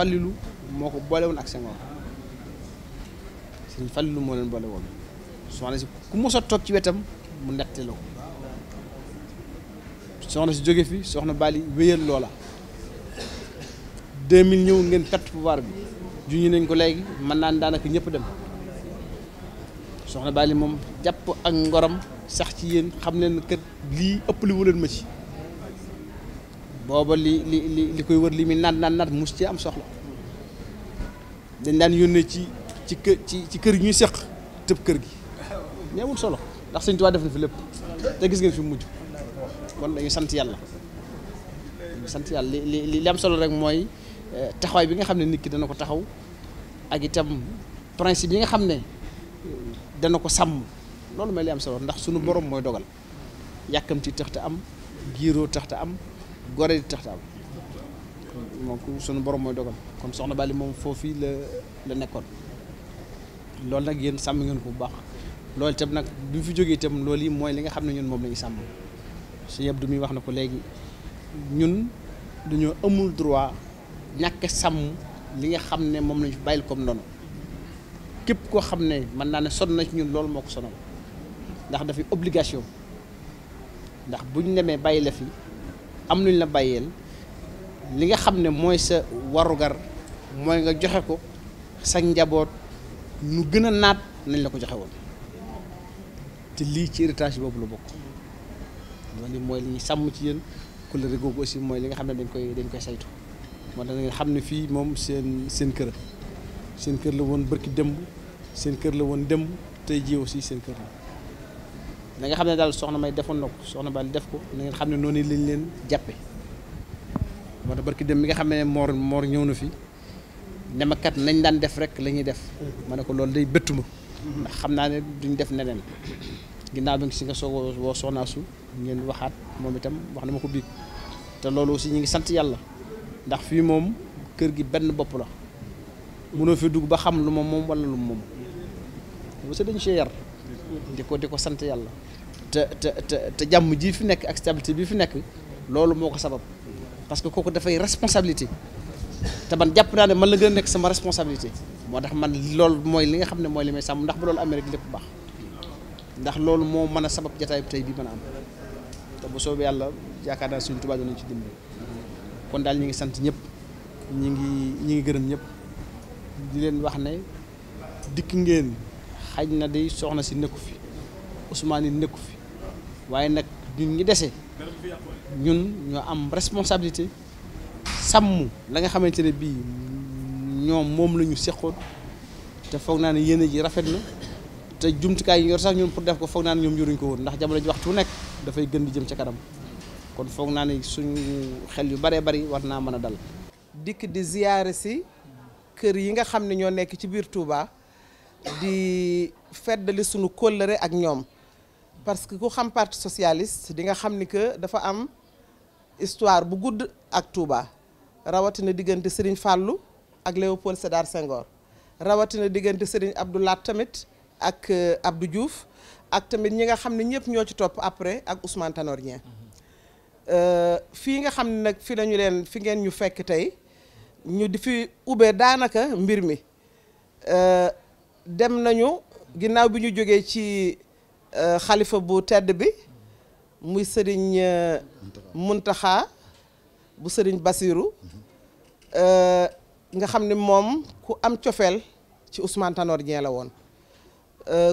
Fallilu moo ko boole woon ak Senghor Serigne Fallilu moo leen boole woon soxna si ku mosa a toog ci wetam mu nette la ko soxna si jóge fi soxna Bali wéyal loola 2000 ñëw ngeen perte pouvoir bi juñu nañ ko léegi mën naan daanaka ñëpp dem soxna Bali moom jàpp ak ngorom sax ci yéen xam leen kër lii ëpp li wu leen ma ci. booba li li li li koy wër li mi nat nat nat mus ci am soxla dañ daan yónnee ci ci kë ci kër gi ñuy seq tëb kër gi ñeewul solo ndax Sëñ Tuubaa def na fi lépp te gis ngeen fi mujj kon dañu sant yàlla dañu sant yàlla li li am solo rek mooy eh, taxawaay bi nga xam ne nit ki dana ko taxaw ak itam principe yi nga xam ne dana ko sàmm loolu mooy li am solo ndax sunu borom mooy dogal yàkkamti tax te am giiroo tax te am gore di taxtaam moom ku sunu borom mooy dogal kon soxna Bali moom foofii la la nekkoon loolu nag yéen sàmm ngeen ko bu baax loolu tam nag bi fi jógee tam lool yi mooy li nga xam ne ñun moom la ñu sàmm si yëpp du muy wax na ko léegi ñun dañoo amul droit ñàkk sàmm li nga xam ne moom lañu fi bàyyil comme noonu képp koo xam ne mën naa ne sonn na ci ñun loolu moo ko sonal ndax dafay obligation ndax buñ demee bàyyi la fi. am nañ la bàyyeel li nga xam ne mooy sa warugar mooy nga joxe ko sa njaboot nu gën a naat nañ la ko joxe woon te lii ci héritage boobu la bokk loolu mooy li ñu sàmm ci yéen kóllëre googu aussi mooy li nga xam ne dañ koy dañ koy saytu moo tax ngeen xam ne fii moom seen seen kër seen kër la woon bërki dëmb seen kër la woon dëmb tey jii aussi seen kër la na nga xam ne daal soxna may defoon na ko soxna Bally def ko na ngeen xam ne noonu lañ leen jàppe moo barki dem mi nga xam ne moor moor ñëw na fi ne ma nañ daan def rek lañuy def ma ne ko loolu day bëttu ndax xam naa ne duñ def neneen ginnaaw bi nga si nga soog woo soxnaa su ngeen waxaat moom itam wax na ma ko biig te loolu aussi ñu ngi sant yàlla ndax fii moom kër gi benn bopp la mënoo fi dugg ba xam lu ma moom wala lu moom moom dañ see yar di ko di ko sant yàlla te te te jàmm ji fi nekk ak stabilité fi nekk loolu moo ko sabab parce que kooku dafay responsabilité te man jàpp naa ne man la gën a nekk sama responsabilité moo tax man loolu mooy li nga xam ne mooy li may sàmm ndax bu loolu amee rek lépp baax ndax loolu moo mën a sabab jataay tey bi mën a am te bu soobee yàlla yaakaar naa suñu Tuubaa dinañ ci dimbali kon daal ñu ngi sant ñëpp ñi ngi ñi ngi gërëm di leen wax ne dikk ngeen xaj na de soxna si nekku fi Ousmane yi nekku fi waaye nag ñun ñi dese ñun ñoo am responsabilité sàmm la nga xamante ne bii ñoom moom la ñu seqoon te foog naa ne yéene yi rafet na te jumtukaay yi yor sax ñun pour def ko foog naa ne ñoom yoruñ ko woon ndax jamono ji waxtu nekk dafay gën di jëm ca kanam kon foog naa ne suñu xel yu baree bari war naa mën a dal. dikk di ziyaare si kër yi nga xam ne ñoo nekk ci biir Touba. di feddali sunu kóllëre ak ñoom parce que ku xam parti socialiste di nga xam ni que dafa am histoire bu gudd ak Touba rawatina diggante Serigne Fallou ak Léopold Sédar Senghor rawatina diggante Serigne Abdou Lahat tamit ak euh, Abdou juuf ak tamit ñi nga xam ne ñëpp ñoo ci topp après ak Ousmane Tanor Dieng euh, fii nga xam ne nag fi lañu leen fi ngeen ñu fekk tey ñu di fi ubbee daanaka mbir mi. Euh, dem nañu ginnaaw bi ñu jógee ci euh, xalifa bu tedd bi muy sëriñ euh, Muntaxa bu sëriñ Basiru euh, nga xam ne moom ku am cofeel ci Ousmane Tanor Dieng la woon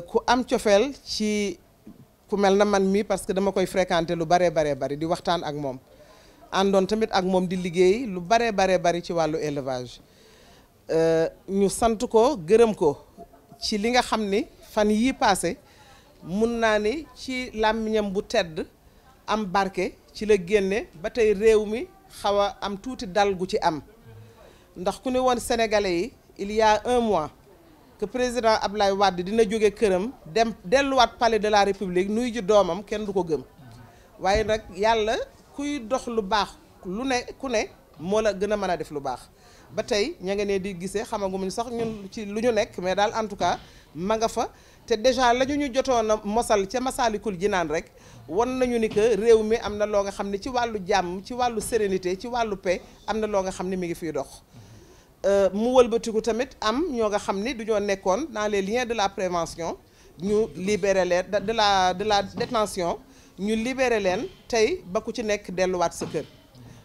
ku am cofeel ci ku mel na man mii parce que dama koy fréquenté lu baree baree bari di waxtaan ak moom àndoon tamit ak moom di liggéey lu baree baree bari ci wàllu élevage ñu sant ko gërëm ko ci li nga xam ni fan yii paase mun naa ni ci làmmiñam bu tedd am barke ci la génne ba tey réew mi xaw a am tuuti dal gu ci am ndax ku ne woon sénégalais yi il y un mois que président ab Ablaye Wade dina jóge këram dem delluwaat palais de la république nuy ji doomam kenn du ko gëm waaye nag yàlla kuy dox lu baax lu ne ku ne moo la gën a mën a def lu baax ba tey ña nga ne di gisee sax ñun ci luñu nek mais dal en tout cas ma nga fa té déjà lañu ñu jottona mosal ci masalikul jinan rek won nañu ni que réew mi amna lo nga xamné ci walu jamm ci walu sérénité ci walu paix am lo nga xamné mi ngi fiy dox euh, mu wëlbeutiku tamit am ñoo nga xam ni dans les liens de la prévention ñu libéré leen de la de la détention ñu libéré leen tay ba ku ci nekk delluwaat sa kër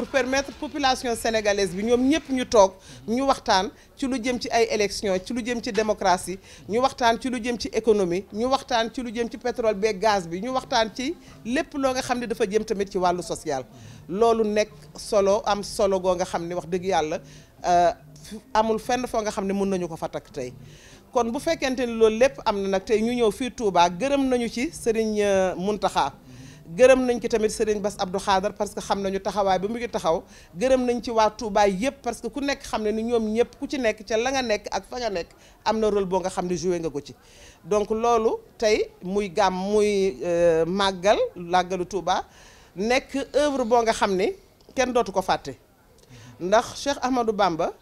pour permettre population sénégalaise bi ñoom ñëpp ñu toog ñu waxtaan ci lu jëm ci ay élection ci lu jëm ci démocratie ñu waxtaan ci lu jëm ci économie ñu waxtaan ci lu jëm ci pétrole beeg gaz bi ñu waxtaan ci lépp lo nga xamné dafa jëm tamit ci walu social loolu nek solo am solo go nga xamné ne wax dëgg euh amul fenn fo nga xamné ne mën nañu ko fa takk tey kon bu fekkente ni loolu lépp amna nak tay ñu ñëw fi Touba gërëm nañu ci Serigne euh, Mountakha gërëm nañ ci tamit Serigne Bass Abdou khader parce que xam nañu taxawaay bi mu ngi taxaw gërëm nañ ci waa Touba yëpp parce que ku nekk xam ne ni ñoom ñëpp ku ci nekk ca la nga nekk ak fa nga nekk am na rôle boo nga xam ne joué nga ko ci. donc loolu tey muy gàmm muy euh, màggal làggalu Touba nekk œuvre boo nga xam ni kenn dootu ko fàtte ndax Cheikh Ahmadou Bamba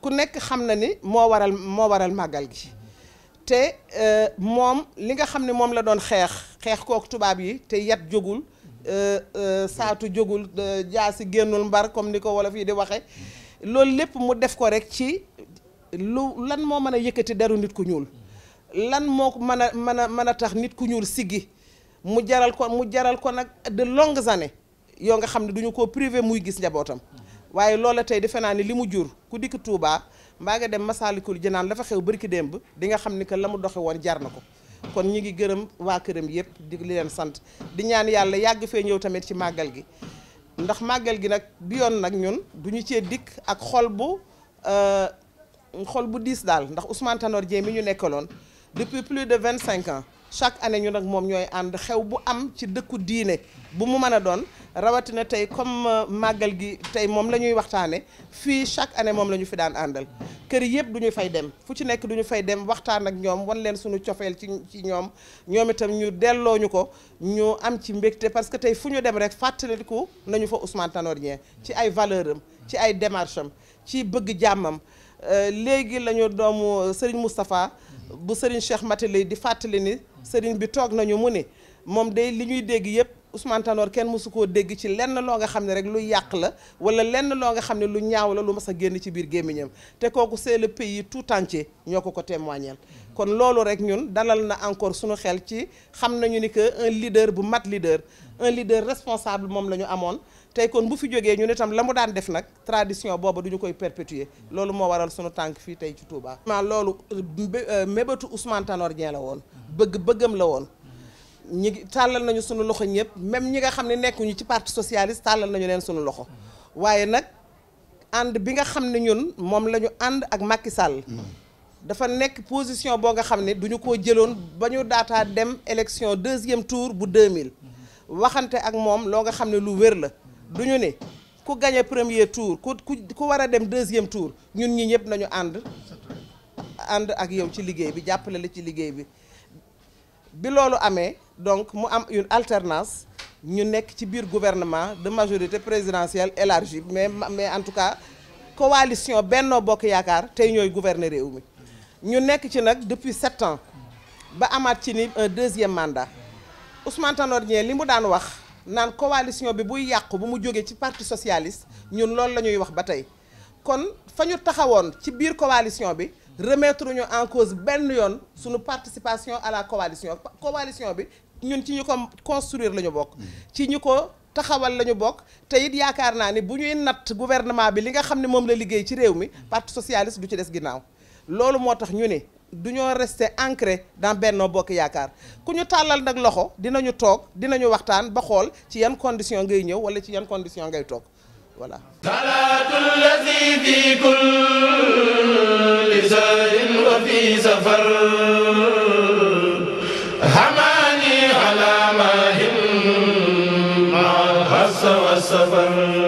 ku nekk xam na ni moo waral moo waral màggal gi te euh, moom li nga xam ne moom la doon xeex. xeex kook tubaab yi te yat jógul euh, euh, saatu jógul euh, jaar si génnul mbar comme ni ko wolof fii di waxe loolu lépp mu def ko rek ci lu lan moo mën a yëkkati daru nit ku ñuul lan moo mën a mën a mën a tax nit ku ñuul siggi mu jaral ko mu jaral ko nag de longues années yoo nga xam ne duñu ko privé muy gis njabootam waaye loola tey defe naa ni li mu jur ku dikk tuubaa mbaa nga dem Masaalikul janaan la fa xew bërki démb di nga xam ni que la mu doxe woon jar na ko kon ñi ngi gërëm waa këram yëpp di leen sant di ñaan yàlla yàgg fee ñëw tamit ci màggal gi ndax màggal gi nag bi yoon nag ñun du ñu cee dikk ak xol bu euh, xol bu diis daal ndax Ousmane Tanor Dieng mi ñu nekkaloon depuis plus de vingt cinq ans chaque année ñu nag moom ñooy ànd xew bu am ci dëkku diine bu mu mën a doon rawatina tey comme euh, màggal gi tey moom la ñuy waxtaane fii chaque année moom la ñu fi daan àndal kër yëpp du ñu fay dem fu ci nekk du ñu fay dem waxtaan ak ñoom wan leen suñu cofeel ci ci ñoom ñoom itam ñu delloo ñu ko ñu am ci mbégte parce que tey fu ñu dem rek fàttaliku nañu fa Ousmane Tanor ci ay valeur am ci ay démarche am ci bëgg jàmmam euh, léegi lañu doomu euh, Serigne mustapha bu Serigne Cheikh Mataley di fàttali ni Serigne bi toog nañu mu ni moom day li ñuy dégg yëpp Ousmane Tanor kenn mosu koo dégg ci lenn loo nga xam ne rek lu yàq la wala lenn loo nga xam ne lu ñaaw la lu mas a génn ci biir gémmiñam te kooku c'est le pays tout entier ñoo ko ko témoignel kon loolu rek ñun dalal na encore suñu xel ci xam nañu ni que un leader bu mat leader un leader responsable moom la ñu amoon tey kon bu fi jógee ñu ñun itam la mu daan def nag tradition booba du ñu koy perpétuer loolu moo waral sunu tànk fii tey ci Touba. ma loolu euh, euh, mébétu Ousmane Tanor la woon bëgg-bëggam la woon ñi tàllal nañu sunu loxo ñëpp même ñi nga xam ne nekkuñu ci parti socialiste tàllal nañu leen sunu loxo waaye nag ànd bi nga xam ne ñun moom la ñu ànd ak Macky Sall. dafa nekk position boo nga xam ne duñu ko jëloon ba ñu daataa dem élection deuxième tour bu 2000 waxante ak moom loo nga xam ne lu wér la duñu ne ku gagné premier tour ku ku ku war a dem deuxième tour ñun ñi ñëpp nañu ànd ànd ak yow ci liggéey bi jàppale la ci liggéey bi bi loolu amee. donc mu am une alternance ñu nekk ci biir gouvernement de majorité présidentielle élargie mais mais en tout cas coalition Benno Bokk Yaakaar tey gouverner réew mi ñu nekk ci depuis sept ans ba amaat ci un deuxième mandat Ousmane Tanor Dieng li daan wax La coalition bi buy yàqu bu mu ci parti socialiste ñun loolu la ñuy wax ba tey kon fa ñu ci coalition bi remettre ñu en cause benn yoon suñu participation à la coalition coalition bi ñun ci ñu ko construire lañu bok ci ñu ko taxawal lañu bok bokk te it yaakaar naa ni bu ñuy nat gouvernement bi li nga xam mom la liggéey ci réew mi parti socialiste du ci dess ginnaaw lolu motax ñu né duñu rester ancré dans Benno bok Yaakaar ku ñu tàllal loxo dinañu tok dinañu waxtaan ba xol ci yane condition ngay ñew wala ci yane condition ngay tok voilà salaatul lazi fi kulli sahrin wa fi safar hamani ala mahim ma al hassa wa safar